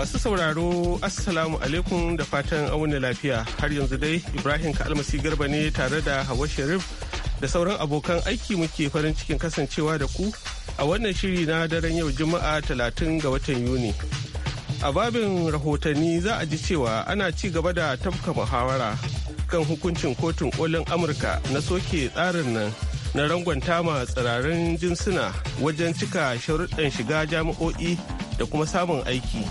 Masu sauraro Assalamu alaikum da fatan auna lafiya har yanzu dai Ibrahim Kalmasi Garba ne tare da Hawa Sharif da sauran abokan aiki muke farin cikin kasancewa da ku a wannan shiri na daren yau Juma'a talatin ga watan Yuni. A babin rahotanni za a ji cewa ana ci gaba da tafka muhawara kan hukuncin kotun kolin Amurka na soke tsarin nan na rangwanta ma tsirarin jinsuna wajen cika sharuɗan shiga jami'o'i da kuma samun aiki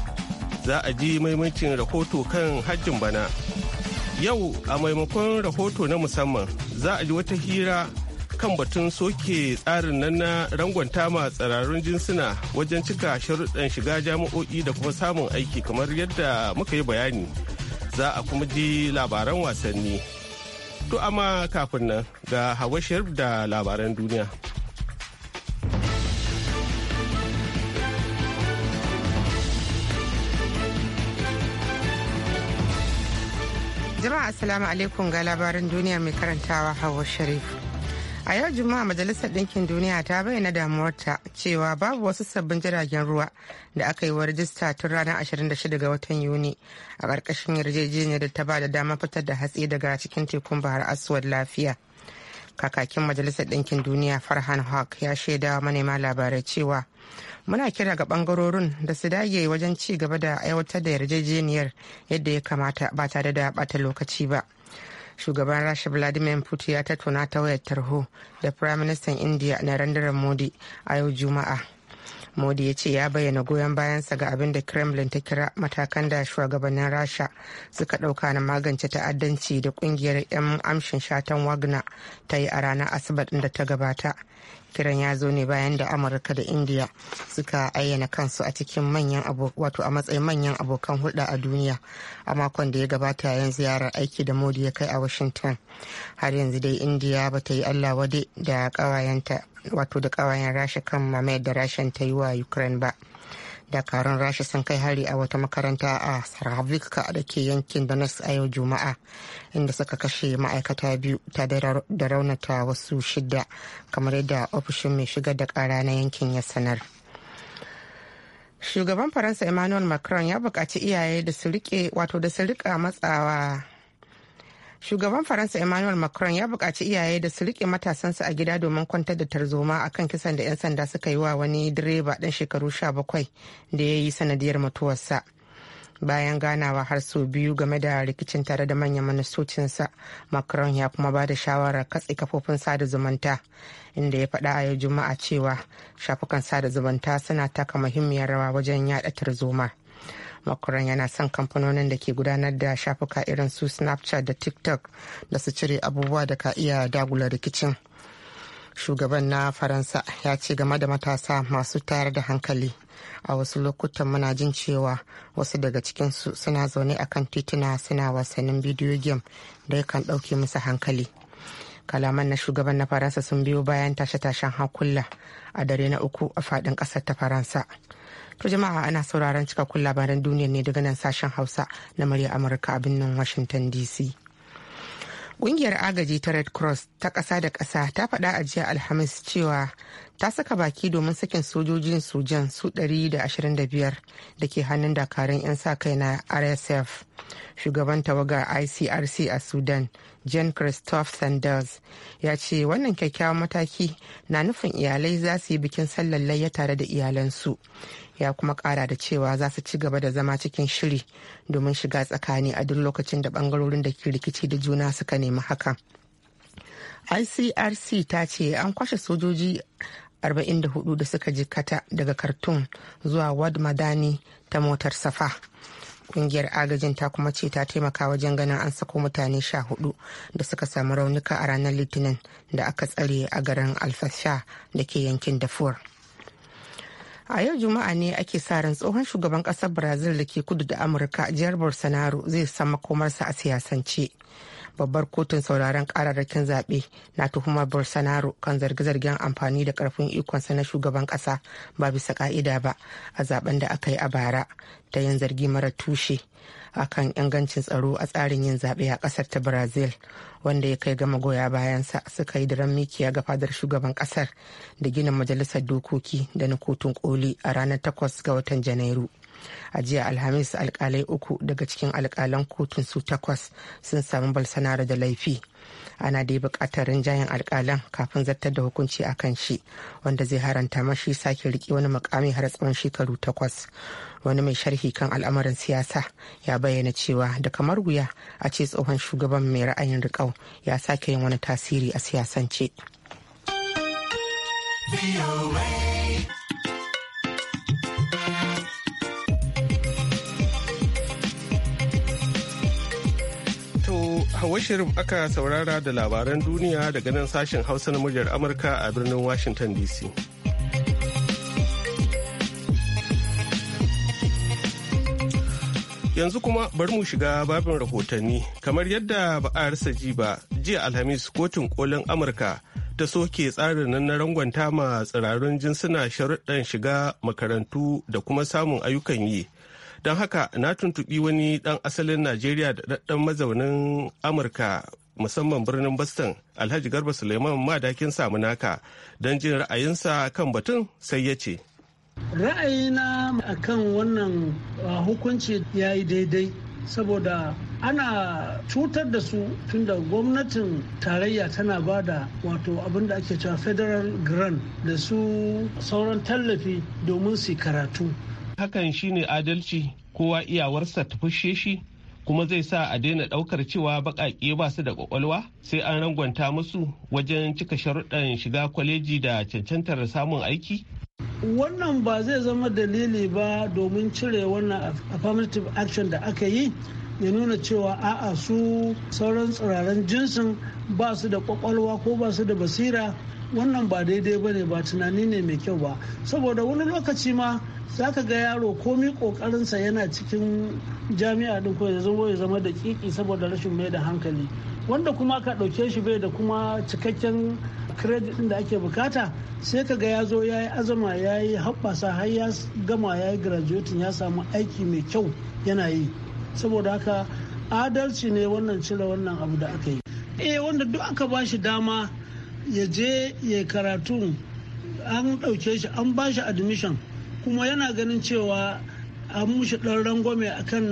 za a ji maimacin rahoto kan hajjin bana. Yau a maimakon rahoto na musamman za a ji wata hira kan batun soke tsarin nan na rangwanta ma tsirarun jinsuna wajen cika sharuɗan shiga jami'o'i da kuma samun aiki kamar yadda muka yi bayani. Za a kuma ji labaran wasanni. To amma kafin nan ga Hawa da labaran duniya. assalamu alaikum ga labarin duniya mai karantawa hawa sharif a yau juma'a majalisar ɗinkin duniya ta bayyana damuwarta cewa babu wasu sabbin jiragen ruwa da aka yi wa rajista tun ranar 26 ga watan yuni a ƙarƙashin yarjejeniyar da ta ba da damar fitar da hatsi daga cikin tekun bahar asuwar lafiya kakakin majalisar ɗinkin duniya farhan hawk ya shaida manema labarai cewa muna kira ga bangarorin da su dage wajen ci gaba da aiwatar da yarjejeniyar yadda ya kamata ba tare da bata lokaci ba shugaban rasha vladimir putin ya tattauna ta wayar tarho da firaministan india narendra modi a yau juma'a modi ya ce ya bayyana goyon bayansa ga abin da kremlin ta kira matakan da shugabannin rasha suka ɗauka na magance ta'addanci da kungiyar 'yan amshin shatan wagner ta yi a ranar asabar da ta gabata kiran ya zo ne bayan da amurka da indiya suka ayyana kansu a cikin manyan wato a matsayin manyan abokan hulɗa a duniya a makon da ya gabata yayin ziyarar aiki da modi ya kai a washington har yanzu dai indiya ba ta yi allah wade da ƙawayenta wato da ƙawayen rasha kan mamayar da rashin ta yi wa ukraine ba dakarun rasha sun kai hari a wata makaranta a saravikka da ke yankin donetsk a yau juma'a inda suka kashe ma'aikata biyu ta da raunata wasu shida kamar yadda ofishin mai shigar da kara na yankin ya sanar shugaban faransa emmanuel macron ya buƙaci iyaye da su rike wato da su rika matsawa shugaban faransa emmanuel macron ya bukaci iyaye da su rike matasansu a gida domin kwantar da tarzoma a kan kisan da 'yan sanda suka yi wa wani direba ɗan shekaru 17 da ya yi sanadiyar mutuwarsa bayan ganawa har sau biyu game da rikicin tare da manyan ministocinsa macron ya kuma ba da shawarar katse kafofin sada zumunta inda ya faɗa a yau juma'a cewa shafukan sada zumunta suna taka muhimmiyar rawa wajen yaɗa tarzoma makuran yana son kamfanonin da ke gudanar da shafuka irin su snapchat da tiktok da su cire abubuwa da ka iya dagula rikicin shugaban na faransa ya ce game da matasa masu tayar da hankali a wasu lokutan muna jin cewa wasu daga cikinsu suna zaune a kan tituna suna wasannin bidiyo game da kan ɗauke musu hankali kalaman na shugaban na faransa sun biyo bayan tashe-tashen hankula a dare na uku a faɗin ƙasar ta faransa To jama'a ana sauraron cikakkun labaran duniya ne daga nan sashen Hausa na murya Amurka a birnin Washington DC. Ƙungiyar agaji ta Red Cross ta ƙasa da ƙasa ta faɗa a jiya Alhamis cewa ta saka baki domin sakin sojojin sujan su 125 da ke hannun dakarun 'yan sa kai na rsf shugaban tawaga icrc a sudan jan christophe sanders ya ce wannan kyakkyawan mataki na nufin iyalai za su yi bikin sallar layya tare da iyalansu ya kuma kara da cewa za su ci gaba da zama cikin shiri domin shiga tsakani a duk lokacin da bangarorin da ke rikici da juna suka nemi haka icrc ta ce an kwashe sojoji 44 da suka jikata daga khartoum zuwa wad madani ta motar safa kungiyar agajin ta kuma ce ta taimaka wajen ganin an sako mutane 14 da suka samu raunuka a ranar litinin da aka tsare a garin alfasha da ke yankin dafur a yau juma'a ne ake sa ran tsohon shugaban kasar brazil da ke kudu da amurka jihar bolsonaro zai san makomarsa a siyasance babbar kotun sauraron kararrakin zaɓe na tuhumar bolsonaro kan zarge-zargen amfani da karfin ikonsa na shugaban ƙasa ba bisa ƙa'ida ba a zaben da aka yi a bara ta yin zargi mara tushe a kan ingancin tsaro a tsarin yin zaɓe a ƙasar ta brazil wanda ya kai goya goya bayansa suka yi daren mikiya ga fadar shugaban ƙasar da gina majalisar dokoki da na kotun koli a ranar 8 ga watan janairu a jiya alhamis alkalai uku daga cikin alkalan kotun su takwas sun samu balsanara da laifi ana dai buƙatar rinjayen alkalan kafin zartar da hukunci a kan shi wanda zai haranta mashi sake riƙe wani mukami har tsawon shekaru takwas wani mai sharhi kan al'amarin siyasa ya bayyana cewa da kamar wuya a ce tsohon shugaban mai ra'ayin riƙau ya sake yin wani tasiri a siyasance. Hawa Sharif aka saurara da labaran duniya daga nan sashen Hausa na muryar Amurka a birnin Washington DC. yanzu kuma bari mu shiga babin rahotanni kamar yadda ba a rasa ji ba jiya alhamis kotun kolin amurka ta soke tsarin nan na rangwanta ma tsirarun jinsuna sharuɗan shiga makarantu da kuma samun ayyukan yi don haka na tuntuɓi wani ɗan asalin najeriya da ɗaɗɗan mazaunin amurka musamman birnin boston alhaji garba suleiman madakin samunaka don jin ra'ayinsa kan batun sai ya ce ra'ayina akan wannan uh, hukunci ya yi daidai saboda ana cutar da su tunda gwamnatin tarayya tana ba da wato abin da ake cewa federal grant da su sauran tallafi domin su karatu hakan shine adalci kowa iyawarsa ta fushe shi kuma zai sa a daina daukar cewa baƙaƙe ba su da ƙwaƙwalwa sai an rangwanta musu wajen cika sharuɗan shiga kwaleji da cancantar samun aiki wannan ba zai zama dalili ba domin cire wannan affirmative action da aka yi ya nuna cewa a'a su sauran tsiraren jinsin ba su da kwakwalwa ko ba su da basira wannan ba daidai ba ne ba tunani ne mai kyau ba saboda wani lokaci ma za ka ga yaro komi kokarinsa yana cikin jami'a din ko ya zama ya zama da kiki saboda rashin mai da hankali wanda kuma ka ɗauke shi bai da kuma cikakken credit din da ake bukata sai ka ga ya zo ya yi azama ya yi haɓasa har ya gama ya yi graduating ya samu aiki mai kyau yana yi saboda haka adalci ne wannan cire wannan abu da aka yi eh wanda duk aka ba shi dama ya je ya karatu an ɗauke shi an ba shi admission kuma yana ganin cewa an mushi ɗan rangwame a kan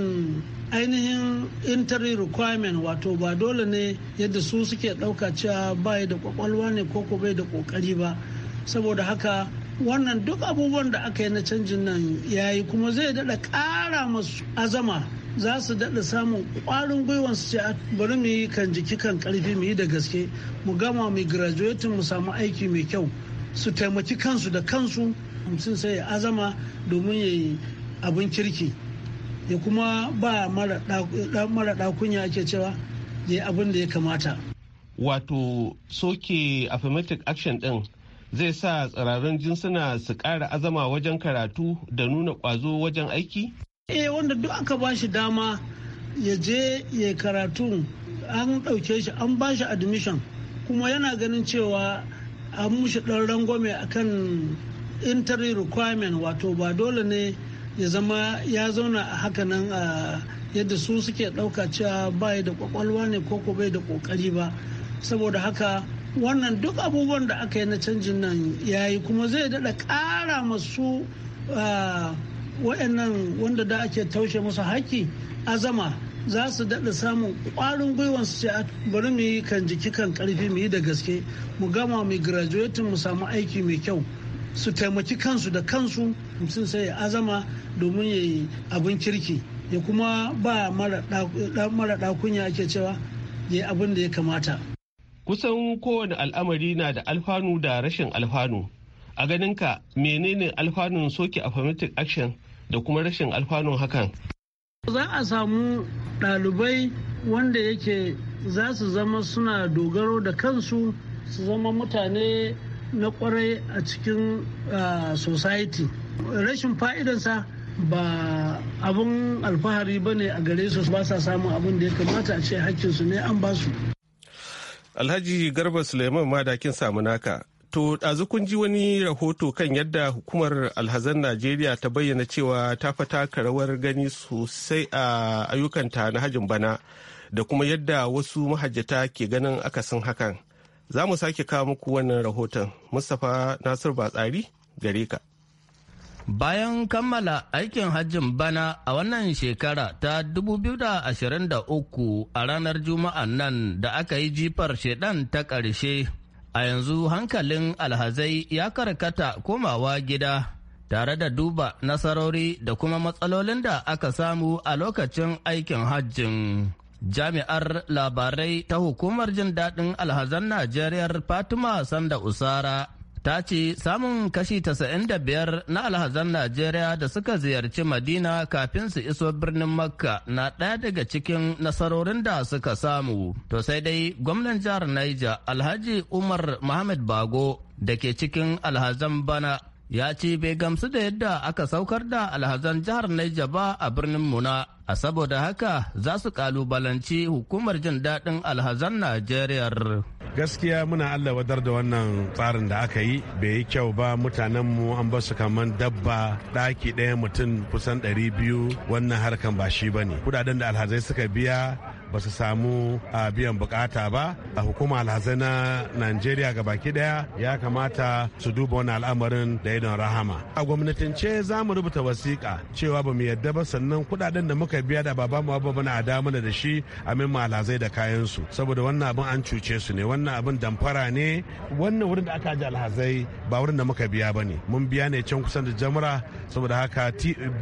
ainihin interi requirement wato ba dole ne yadda su suke ɗauka cewa bai da kwakwalwa ne ko ko bai da ƙoƙari ba saboda haka wannan duk abubuwan da aka yi na canjin nan yayi kuma zai daɗa ƙara masu azama za su daɗa samun ƙwarin gwiwan su ce ah, bari mu yi kan jiki kan ƙarfi mu yi da gaske mu gama mu graduating mu samu aiki mai kyau su taimaki kansu da kansu mutum sai ya azama domin ya yi abin kirki ya kuma ba mara ɗakunya ake cewa ya yi abin da ya kamata. Wato soke affirmative action ɗin zai sa tsirarun jinsuna su ƙara azama wajen karatu da nuna ƙwazo wajen aiki? eh wanda duk aka ba shi dama ya je ya karatu an ɗauke shi an ba shi admission kuma yana ganin cewa an mushi ɗan rangwame akan entry requirement wato ba dole ne ya zama ya zauna a hakanan a yadda su suke ɗauka cewa bai da kwakwalwa ne ko ko bai da kokari ba saboda haka wannan duk abubuwan da aka yi na canjin nan ya yi kuma zai daɗa ƙara masu ah, waɗannan wanda da ake taushe musu haƙƙi azama za su daɗa samun ƙwarin gwiwan su ce bari mu yi kan jiki kan ƙarfi mu yi da gaske mu gama mu graduate mu samu aiki mai kyau su taimaki kansu da kansu mutum sai azama domin ya yi abin kirki ya kuma ba mara ɗakunya ake cewa ya yi abin da ya kamata. Kusan kowane al'amari na da alfanu da rashin alfanu. A ganinka menene alfanun soke affirmative action da kuma rashin alfanun hakan za a samu ɗalibai wanda yake za su zama suna dogaro da kansu su zama mutane na kwarai a cikin society rashin fa'idansa ba abun alfahari ba ne a gare su ba sa samun abin da ya kamata a ce hakkinsu ne an ba su alhaji garba suleiman madakin samu naka To ɗazu kun ji wani rahoto kan yadda hukumar alhazan Najeriya ta bayyana cewa ta fataka rawar gani sosai a ayyukanta na hajin bana da kuma yadda wasu mahajjata ke ganin akasin hakan. Za mu sake kawo muku wannan rahoton. Mustapha Nasir Batsari gare ka. Bayan kammala aikin hajjin bana a wannan shekara ta 2023 a ranar Juma'a nan da aka yi jifar shedan ta ƙarshe a yanzu hankalin alhazai ya karkata komawa gida tare da duba nasarori da kuma matsalolin da aka samu a lokacin aikin hajjin. Jami'ar labarai ta hukumar jin daɗin alhazan Najeriya Fatima Sanda Usara ta ce samun kashi 95 na alhazan Najeriya da suka ziyarci Madina kafin su iso birnin Makka na ɗaya daga cikin nasarorin da suka samu. To sai dai gwamnan jihar Niger Alhaji Umar Muhammad Bago da ke cikin alhazan bana ya ce bai gamsu da yadda aka saukar da alhazan jihar Naija ba a birnin Muna, a saboda haka za su kalubalanci hukumar jin daɗin alhazan Najeriya. Gaskiya muna Allah wadar da wannan tsarin da aka yi bai yi kyau ba mutanenmu an basu su kaman dabba ɗaki ɗaya mutum kusan ɗari biyu wannan harkan ba shi ba ne. Kudaden da alhazai suka biya ba su samu a ah, biyan bukata ba a hukuma alhazai na najeriya ga baki daya ya kamata su duba wani al'amarin da idon rahama a gwamnatance za mu rubuta wasiƙa cewa ba mu yadda ba sannan kuɗaɗen da muka biya da baba mu ba bana a mana da shi a min alhazai da kayan su saboda wannan abin an cuce su ne wannan abin damfara ne wannan wurin da aka ji alhazai ba wurin da muka biya ba ne mun biya ne can kusan da jamura saboda haka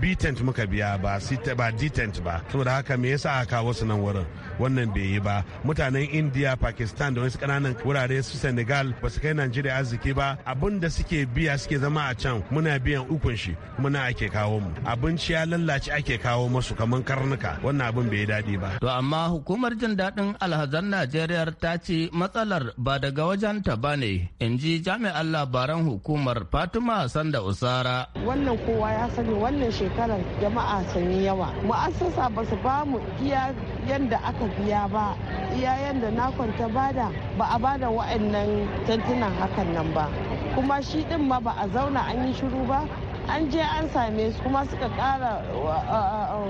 b tent muka biya ba d tent ba saboda haka me yasa aka kawo su nan wurin wannan bai yi ba mutanen india pakistan da wasu kananan wurare su senegal ba su kai najeriya arziki ba abin da suke biya suke zama a can muna biyan ukun shi kuma na ake kawo mu abinci ya lallace ake kawo masu kamar karnuka wannan abin bai yi daɗi ba to amma hukumar jin daɗin alhazan najeriya ta ce matsalar ba daga wajen ta bane ne in ji jami'an labaran hukumar fatima sanda usara wannan kowa ya sani wannan shekarar jama'a sun yi yawa mu'assasa ba su ba mu iya yanda aka biya ba iyayen da na kwanta bada ba a bada wa'annan tantunan hakan nan ba kuma shi din ma ba a zauna an yi shiru ba an je an same su kuma suka kara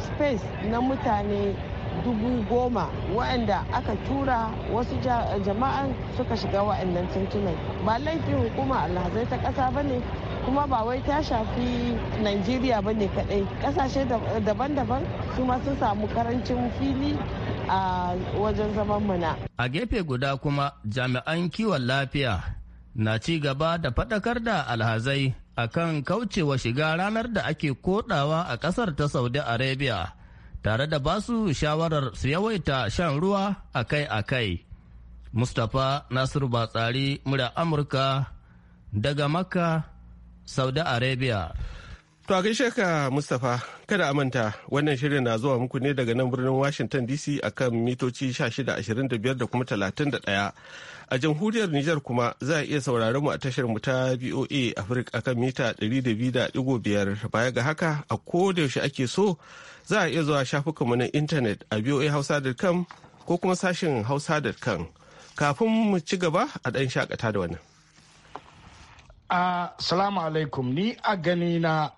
space na mutane dubu goma waɗanda aka tura wasu jama'an suka shiga waɗannan tuntunan ba laifin hukumar alhazai ta ƙasa ba ne kuma ba wai ta shafi najeriya ba ne kaɗai ƙasashe daban-daban su ma sun samu karancin fili a wajen zaman muna. a gefe guda kuma jami'an kiwon lafiya na ci gaba da faɗakar da alhazai akan kaucewa shiga ranar da ake kodawa a ƙasar ta saudi arabia tare da basu shawarar su yawaita shan ruwa akai-akai. Mustapha Nasiru Batsari mura Amurka daga Makka, Saudi Arabia. To a gaishe ka Mustapha kada a manta wannan shirin na zuwa muku ne daga nan birnin Washington DC akan mitoci 1625 da kuma 31. A jamhuriyar Nijar kuma za a iya sauraron mu a tashar mu ta BOA Africa akan mita 200.5 baya ga haka a koda yaushe ake so za a iya zuwa shafukanmu na intanet a voahausa.com ko kuma sashin hausa.com kafin mu ci gaba a ɗan shakata da wannan. Assalamu alaikum ni a gani na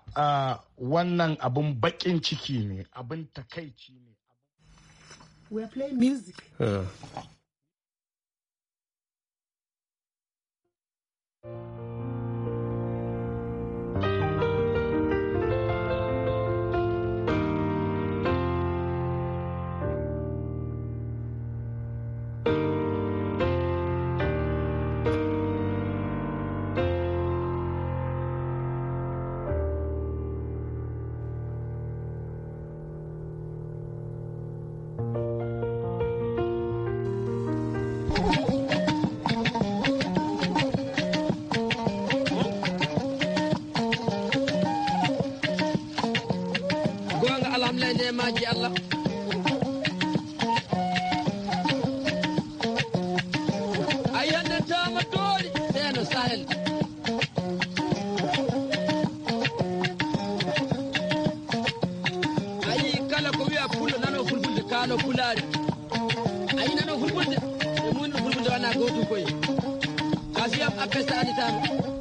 wannan abin baƙin ciki ne abin takaici ne. music. Ah. ka ta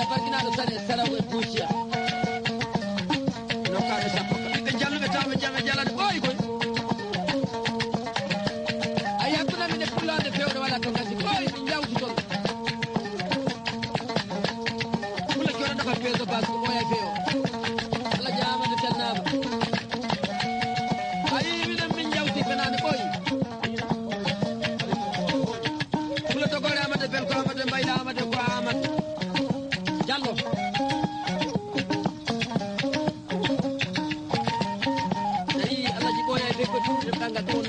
da barkina da sanin sarawar zuciya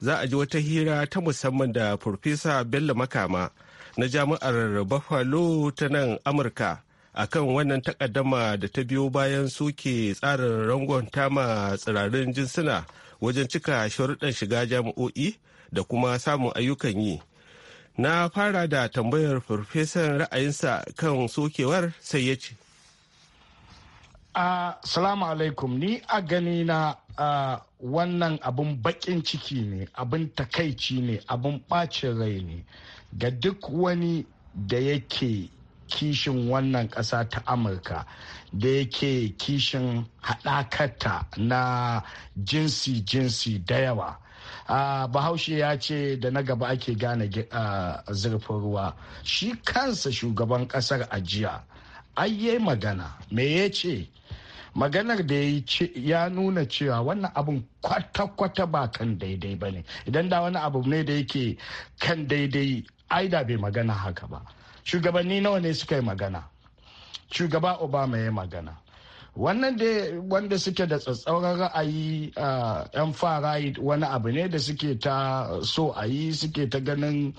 za a ji wata hira ta musamman da Farfesa Bello Makama na jami'ar Buffalo ta nan Amurka a kan wannan takaddama da ta biyo bayan soke tsarin rangon tama tsirarin jinsuna wajen cika sharuɗan shiga jami'o'i da kuma samun ayyukan yi. Na fara da tambayar farfesan ra'ayinsa kan sokewar sai ya ce. Assalamu alaikum ni a gani na wannan abin bakin ciki ne abin takaici ne abin ɓacin rai ne ga duk wani da yake kishin wannan ƙasa ta amurka da yake kishin haɗakata na jinsi-jinsi da yawa bahaushe ya ce da na gaba ake gane zurfin ruwa shi kansa shugaban ƙasar ajiya ayye magana me ya ce maganar da ya nuna cewa wannan abun kwata-kwata ba kan daidai ba ne idan da wani abu ne da yake kan daidai aida bai magana haka ba shugabanni nawa ne suka yi magana shugaba obama ya magana wannan da wanda suke da tsatsauran ra'ayi yan fara wani abu ne da suke ta so a yi suke ta ganin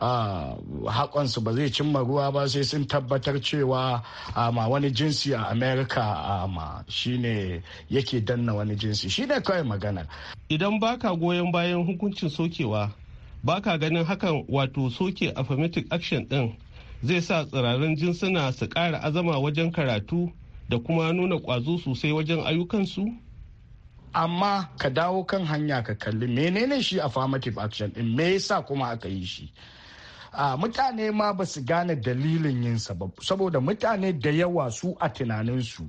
haƙonsu ba zai cimma ruwa ba sai sun tabbatar cewa ma wani jinsi a america ma shine yake danna wani jinsi shine kawai magana. idan baka goyon bayan hukuncin sokewa baka ganin hakan wato soke affirmative action din zai sa tsirarin jinsuna su kara azama wajen karatu da kuma nuna kwazo sosai wajen ayyukansu? amma ka dawo kan hanya ka kalli menene shi a affirmative action din me yasa kuma aka yi shi a mutane ma ba su gane dalilin yin sabab saboda mutane da yawa su a tunaninsu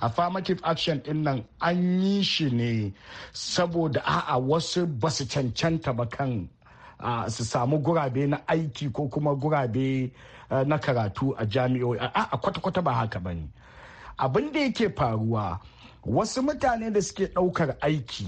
affirmative action din nan an yi shi ne saboda a'a wasu ba su cancanta ba kan su samu gurabe na aiki ko kuma gurabe eh, na karatu a jami'o'i a kwata-kwata ba haka ba ne abin da yake faruwa wasu mutane da suke ɗaukar aiki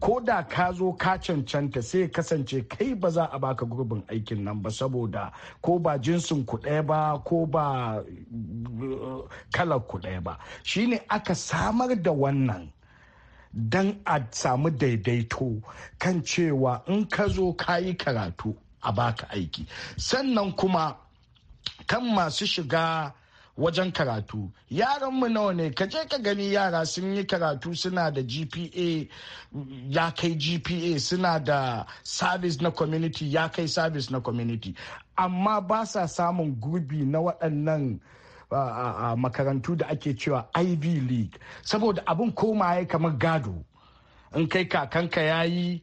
ko da ka zo ka cancanta sai ya kasance kai ba za a baka gurbin aikin nan ba saboda ko ba jinsin ku ɗaya ba ko ba uh, kalar ku ɗaya ba shine aka samar da wannan dan a samu daidaito kan cewa in ka zo ka yi karatu a baka aiki sannan kuma kan masu shiga wajen karatu yaran mu nawa ne kaje ka gani yara sun yi karatu suna da gpa ya kai gpa suna da service na community ya kai service na community amma ba sa samun gurbi na waɗannan makarantu da ake cewa ivy league saboda abin koma ya kamar gado in kai kakanka ya yi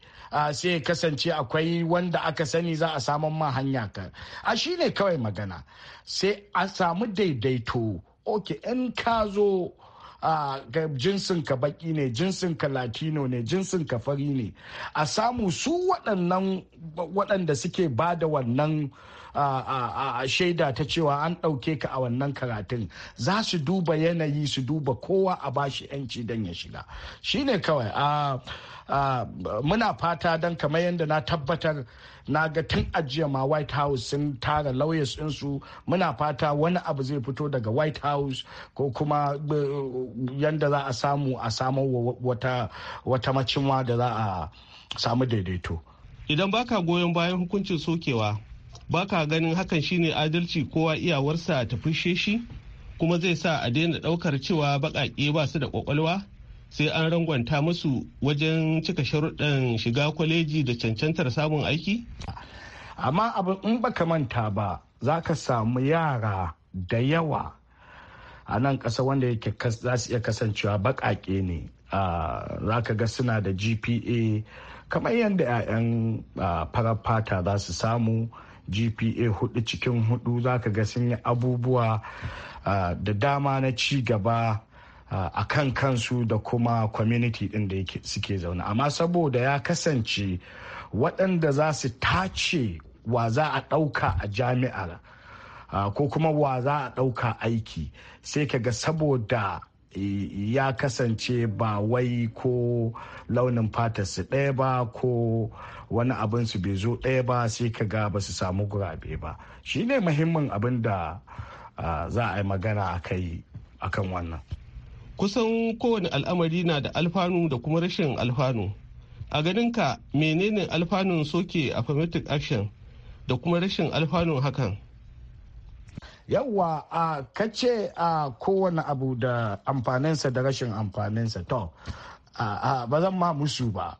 sai kasance akwai wanda aka sani za a samun ma hanya ka a shi ne kawai magana sai a samu daidaito ok in ka zo jinsin ka baki ne jinsin ka latino ne jinsin ka fari ne a samu su waɗannan waɗanda suke ba da wannan shaida ta cewa an ɗauke ka a wannan karatun za su duba yanayi su duba kowa a bashi 'yanci don ya shiga shine kawai muna fata don kamar yadda na tabbatar na ga tun ajiya ma white house sun tara lawyers su muna fata wani abu zai fito daga white house ko kuma uh, yadda za a samu a samu wata wata macinwa da za a samu daidaito idan baka goyon bayan hukuncin sokewa baka ganin hakan shine adalci kowa iyawarsa ta fushe shi kuma zai sa a daina daukar cewa baƙaƙe ba su da ƙwaƙwalwa sai an rangwanta musu wajen cika sharuɗan shiga kwaleji da cancantar samun aiki? amma abu in baka manta ba za ka samu yara da yawa a nan ƙasa wanda yake za su iya kasancewa baƙaƙe ne ah, za ka ga suna da gpa kamar yadda 'ya'yan ah, farar fata za su samu gpa hudu cikin hudu za ka ga sun yi abubuwa ah, da dama na ci gaba ah, a kan kansu da kuma community din da suke zaune amma saboda ya kasance waɗanda za su tace wa za a ɗauka a jami'ar ah, ko kuma wa za a ɗauka aiki sai ka ga saboda ya kasance ba wai ko launin su ɗaya ba ko wani abin su bai zo ɗaya ba sai ka ga ba su samu gurabe ba shi ne muhimmin abin da za a yi magana a kai akan wannan kusan kowane al'amari na da alfanu da kuma rashin alfanu a ganinka menene alfanun soke affirmative action da kuma rashin alfanun hakan yawwa a kace a kowane abu da amfaninsa da rashin amfaninsa to ba zan ma musu ba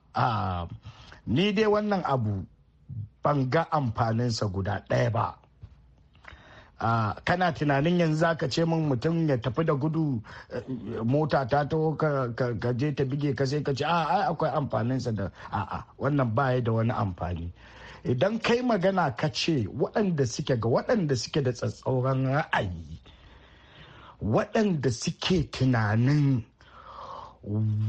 ni dai wannan abu ban ga amfaninsa guda ɗaya ba Uh, kana tunanin yanzu za ka ce min mutum ya tafi da gudu eh, mota ta taho ka je ta bige ka sai ka ce a akwai amfaninsa da a'a wannan baya da wani amfani idan kai magana ka ce waɗanda suke ga waɗanda suke da tsatsauran ra'ayi waɗanda suke tunanin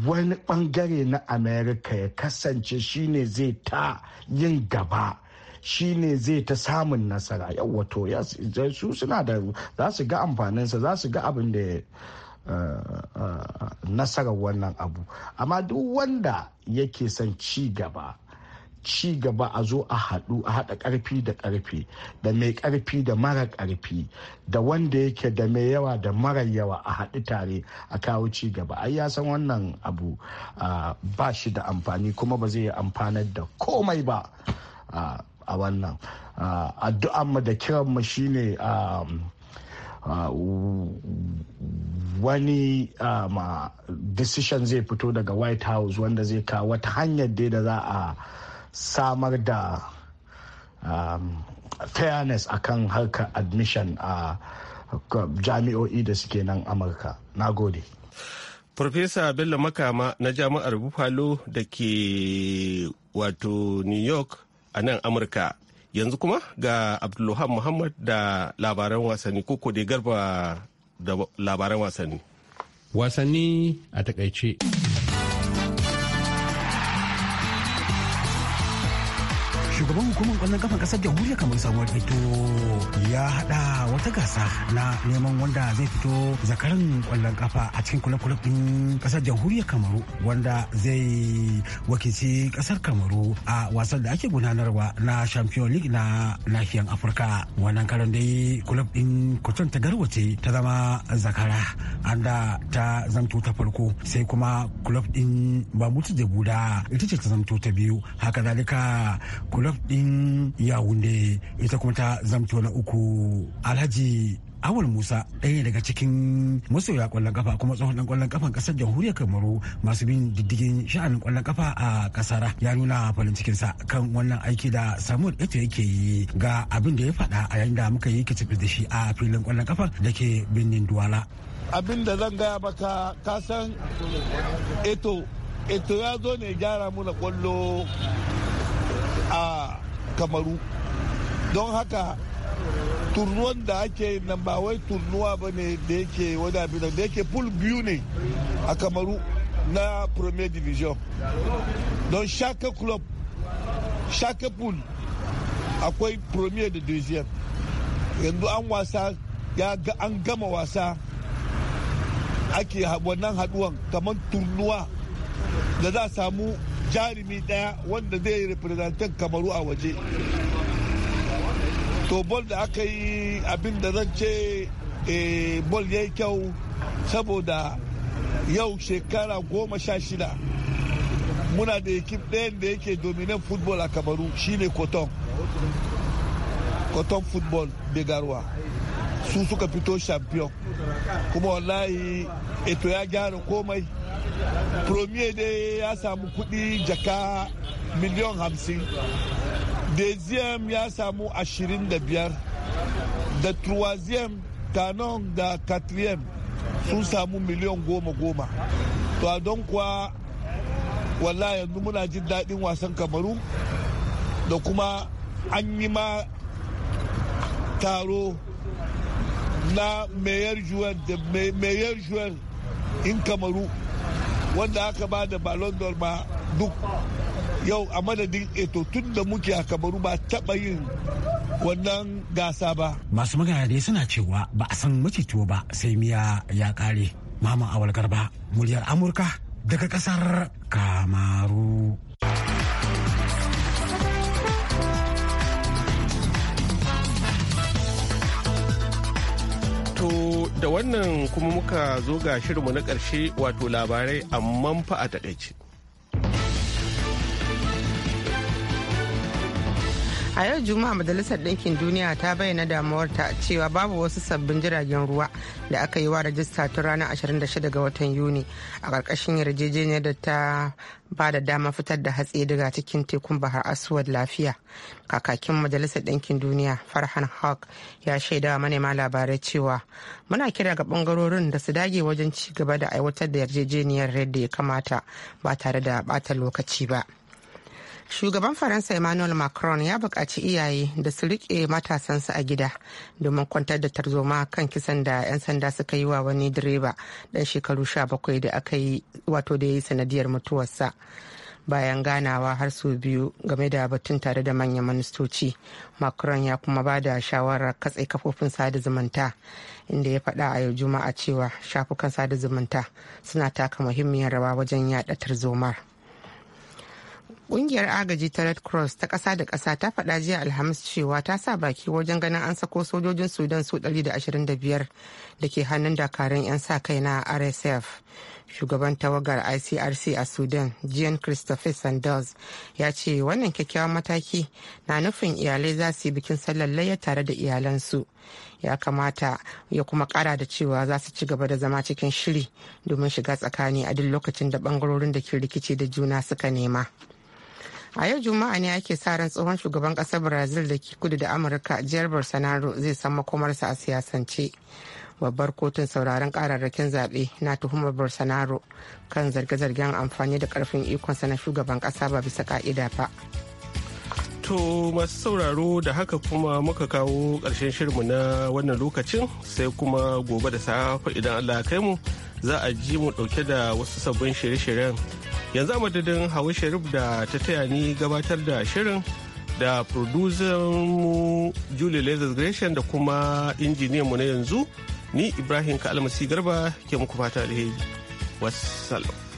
wani ɓangare na amerika ya kasance shine zai ta yin gaba shine zai ta samun nasara wato su suna da za su ga amfaninsa za su ga abin da eh, eh, nasarar wannan abu amma duk wanda yake son ci gaba ci gaba a zo a haɗu a haɗa ƙarfi da ƙarfi da mai ƙarfi da mara ƙarfi da wanda yake da mai yawa da mara yawa a haɗu tare a kawo ci gaba ai ya san wannan abu ba shi da amfani kuma ba zai yi amfanar da komai ba a wannan mu da kiran mu shine wani decision zai fito daga white house wanda zai kawo wata hanyar da za a samar da um, fairness a kan harkar admission a jami'o'i da suke nan amurka na gode Profesa Bello Makama na Jami'ar Buffalo da ke wato New York a nan Amurka. Yanzu kuma ga abdullahi Muhammad da labaran wasanni koko da garba da labaran wasanni. Wasanni a takaice. shugaban hukumar kwallon kafan kasar jamhuriyar kamar sabuwar fito ya hada wata gasa na neman wanda zai fito zakaran kwallon kafa a cikin kula-kula din kasar jamhuriyar kamaru wanda zai wakilci kasar kamaru a wasan da ake gudanarwa na champion league na nahiyar afirka wannan karan dai ɗin din kuton ta garwace ta zama zakara anda ta zamto ta farko sai kuma kula din bamutu da buda ita ce ta zamto ta biyu haka zalika kula raf ɗin yawunde ita kuma ta zamto na uku alhaji awal musa ɗaya daga cikin masoya kwallon kafa kuma tsohon ɗan kwallon kafan ƙasar jamhuriyar kamaru masu bin diddigin sha'anin kwallon kafa a kasara ya nuna farin cikin sa kan wannan aiki da samuel eto yake yi ga abin da ya faɗa a yayin da muka yi kicifis da shi a filin kwallon kafa da ke birnin duwala abin da zan gaya ka kasan eto eto ya zo ne gyara mu da kwallo a kamaru don haka turnuwan da ake nan ba wai turnuwa ba ne da yake wada abin da yake pool biyu ne a kamaru na premier division don shaka club shaka pool akwai premier da deuxième yanzu an wasa ya ga an gama wasa ake wannan haduwan kamar turnuwa da za a samu jarumi daya wanda zai yi representan kamaru a waje to bol da aka yi abin da zan ce eh, bol ya yi kyau saboda yau shekara goma sha shida muna da ekip ɗayan da yake dominan football a kamaru shine cotton cotton football da garwa su suka fito champion kuma wallahi eto ya gyara komai premier dai ya samu kudi jaka miliyan hamsin deuxième ya samu ashirin da biyar da troisième canon da quatrième sun samu miliyan goma goma to a don kuwa walla yanzu muna jin daɗin wasan kamaru da kuma an yi ma taro na mayor juwel in kamaru wanda aka ba da ballon d'or ba duk yau a madadin eto eh, tun da muke a kabaru ba taba yin wannan gasa ba. Masu magana dai suna cewa ba a san macituwa ba sai miya ya ƙare. Mama Awal Garba, muryar Amurka daga kasar Kamaru. To da wannan kuma muka zo ga shirinmu na ƙarshe wato labarai amma fa a takaice. a yau juma'a majalisar ɗinkin duniya ta bayyana damuwarta cewa babu wasu sabbin jiragen ruwa da aka yi wa rajista tun ranar 26 ga watan yuni a ƙarƙashin yarjejeniyar da ta ba da dama fitar da hatsi daga cikin tekun bahar asuwar lafiya kakakin majalisar ɗinkin duniya farhan hawk ya shaida wa manema labarai cewa muna kira ga ɓangarorin da su dage wajen ci gaba da aiwatar da yarjejeniyar yadda ya kamata ba tare da bata lokaci ba. shugaban faransa emmanuel macron ya buƙaci iyaye da su riƙe matasansu a gida domin kwantar da tarzoma kan kisan da 'yan sanda suka yi wa wani direba ɗan shekaru 17 da aka yi wato da ya yi sanadiyar mutuwarsa bayan ganawa har su biyu game da batun tare da manyan ministoci macron ya kuma ba da shawarar katse kafofin sada zumunta inda ya faɗa a yau juma'a cewa shafukan sada zumunta suna taka muhimmiyar rawa wajen yaɗa tarzomar Ƙungiyar agaji ta Red Cross ta ƙasa da ƙasa ta faɗa jiya Alhamis cewa ta sa baki wajen ganin an sako sojojin Sudan su 125 da ke hannun dakarun 'yan sa kai na RSF. Shugaban tawagar ICRC a Sudan, Jean Christopher Sanders, ya ce wannan kyakkyawan mataki na nufin iyalai za su yi bikin sallar layya tare da iyalansu. ya kamata ya kuma kara da cewa za su ci gaba da zama cikin shiri domin shiga tsakani a duk lokacin da bangarorin da ke rikici da juna suka nema. a yau juma'a ne ake sa ran tsohon shugaban kasar brazil da ke kudu da amurka jiyar bolsonaro zai san makomarsa a siyasance babbar kotun sauraron kararrakin zaɓe na tuhumar bolsonaro kan zarge-zargen amfani da karfin ikonsa na shugaban kasa ba bisa ka'ida ba To masu sauraro da haka kuma muka kawo ƙarshen shirmu na wannan lokacin sai kuma gobe da safe idan Allah kai mu za a ji mu ɗauke da wasu sabbin shirye-shiryen yanzu a madadin hawa sharif da ta taya ni gabatar da shirin da mu julie lazarus gresham da kuma injiniyan mu na yanzu ni ibrahim kalmasi garba ke muku fata alheri wassalam